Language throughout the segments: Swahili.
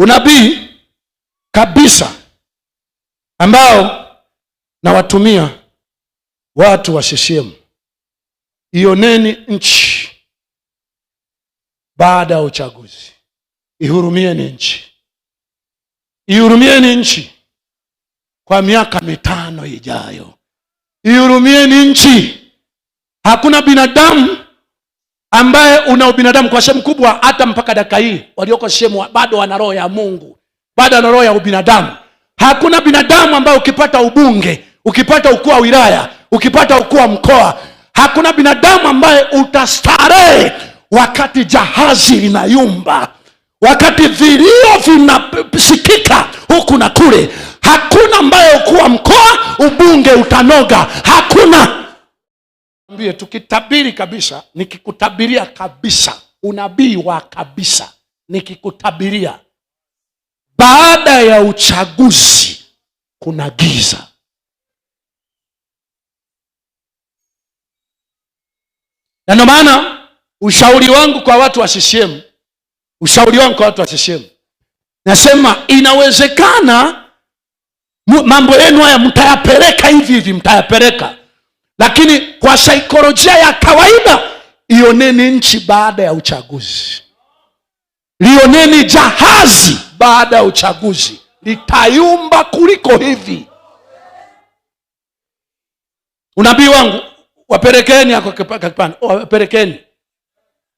unabii kabisa ambao nawatumia watu wa CCM, ioneni nchi baada ya uchaguzi, ihurumieni nchi, ihurumieni nchi kwa miaka mitano ijayo, ihurumieni nchi. Hakuna binadamu ambaye una ubinadamu kwa sehemu kubwa, hata mpaka dakika hii walioko shemu bado wana roho ya Mungu, bado wana roho ya ubinadamu. Hakuna binadamu ambaye ukipata ubunge, ukipata ukuu wa wilaya, ukipata ukuu wa mkoa, hakuna binadamu ambaye utastarehe wakati jahazi linayumba, wakati vilio vinasikika huku na kule. Hakuna ambaye ukuu wa mkoa, ubunge utanoga, hakuna nikwambie, tukitabiri kabisa, nikikutabiria kabisa, unabii wa kabisa, nikikutabiria baada ya uchaguzi kuna giza. Na ndio maana ushauri wangu kwa watu wa CCM, ushauri wangu kwa watu wa CCM nasema, inawezekana mambo yenu haya mtayapeleka hivi hivi, mtayapeleka lakini kwa saikolojia ya kawaida ioneni nchi baada ya uchaguzi, lioneni jahazi baada ya uchaguzi, litayumba kuliko hivi. Unabii wangu wapelekeni, oh, wapelekeni,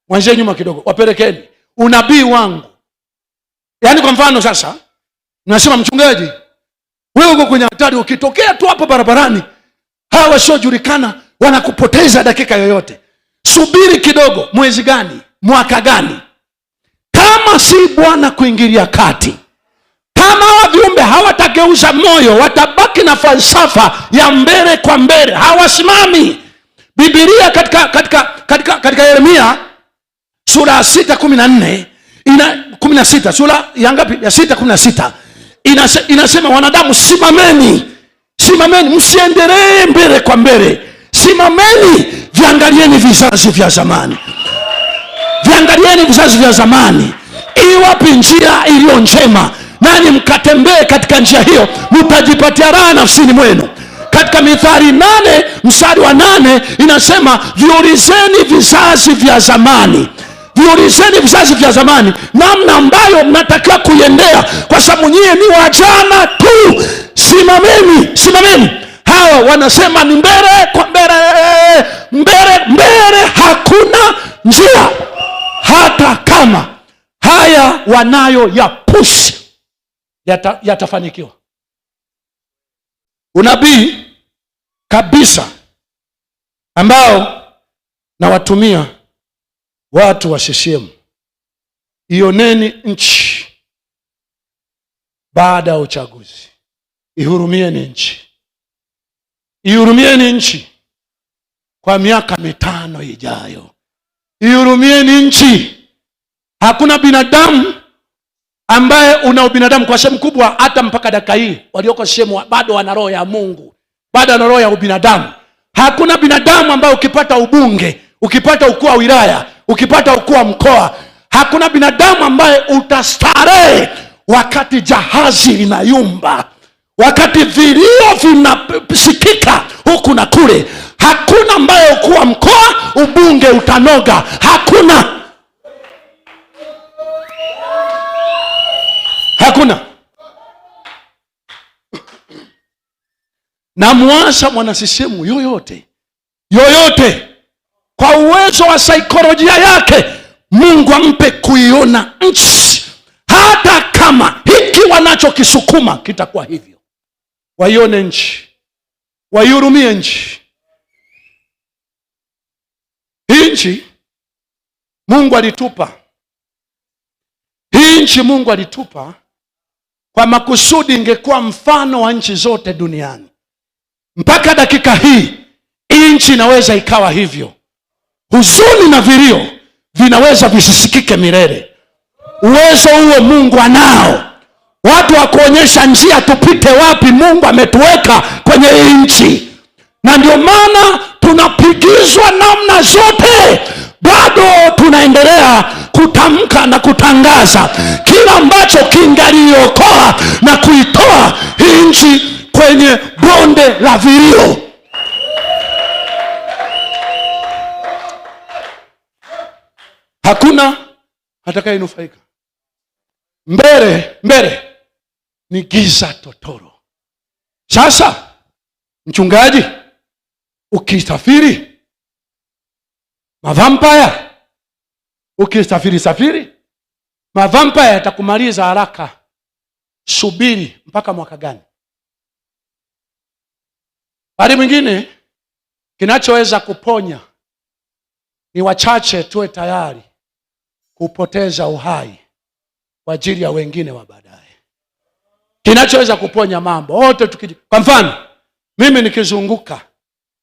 mwanzie nyuma kidogo, wapelekeni unabii wangu. Yaani kwa mfano sasa, nasema mchungaji, wewe uko kwenye hatari, ukitokea tu hapo barabarani hawa wasiojulikana wanakupoteza dakika yoyote. Subiri kidogo, mwezi gani? Mwaka gani? Kama si Bwana kuingilia kati, kama hawa viumbe hawatageuza moyo, watabaki na falsafa ya mbele kwa mbele, hawasimami. Bibilia katika, katika, katika, katika Yeremia sura ya sita kumi na nne ina kumi na sita sura ya ngapi? Ya sita kumi na sita inasema, wanadamu simameni simameni, msiendelee mbele kwa mbele, simameni, viangalieni vizazi vya zamani, viangalieni vizazi vya zamani. Iwapi njia iliyo njema, nani mkatembee katika njia hiyo, mtajipatia raha nafsini mwenu. Katika mithari nane mstari wa nane inasema viulizeni vizazi vya zamani jiulizeni vizazi vya zamani namna ambayo mnatakiwa kuiendea, kwa sababu nyie ni wajana tu. Simameni, simameni. Hawa wanasema ni mbele kwa mbele, mbele, mbele, hakuna njia. Hata kama haya wanayo ya push yata, yatafanikiwa unabii kabisa ambao nawatumia Watu wa sheshemu, ioneni nchi baada ya uchaguzi, ihurumieni nchi, ihurumieni nchi kwa miaka mitano ijayo, ihurumieni nchi. Hakuna binadamu ambaye una ubinadamu kwa sehemu kubwa, hata mpaka dakika hii walioko shemu bado wana roho ya Mungu, bado wana roho ya ubinadamu. Hakuna binadamu ambaye ukipata ubunge, ukipata ukuu wa wilaya ukipata ukuu wa mkoa, hakuna binadamu ambaye utastarehe wakati jahazi linayumba, wakati vilio vinasikika huku na kule. Hakuna ambaye ukuu wa mkoa, ubunge utanoga, hakuna, hakuna. namwasha mwanasisemu yoyote yoyote kwa uwezo wa saikolojia yake mungu ampe kuiona nchi hata kama hiki wanachokisukuma kitakuwa hivyo waione nchi waihurumie nchi hii nchi mungu alitupa hii nchi mungu alitupa kwa makusudi ingekuwa mfano wa nchi zote duniani mpaka dakika hii hii nchi inaweza ikawa hivyo Huzuni na vilio vinaweza visisikike milele. Uwezo huo Mungu anao. Watu wa kuonyesha njia tupite wapi, Mungu ametuweka kwenye hii nchi, na ndio maana tunapigizwa namna zote, bado tunaendelea kutamka na kutangaza kila ambacho kingaliokoa hatakayenufaika. Mbele mbele ni giza totoro. Sasa mchungaji, ukisafiri mavampaya, ukisafiri safiri mavampaya yatakumaliza haraka. Subiri mpaka mwaka gani? Bali mwingine kinachoweza kuponya ni wachache, tuwe tayari hupoteza uhai kwa ajili ya wengine wa baadaye. Kinachoweza kuponya mambo wote tukiji, kwa mfano mimi nikizunguka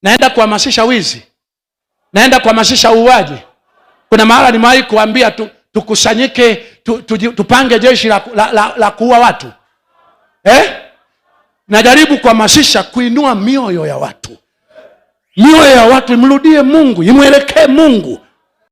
naenda kuhamasisha wizi, naenda kuhamasisha uuaji. Kuna mahala nimewahi kuambia tu, tukusanyike tu, tu, tupange jeshi la, la, la, la kuua watu eh? Najaribu kuhamasisha kuinua mioyo ya watu, mioyo ya watu imrudie Mungu, imwelekee Mungu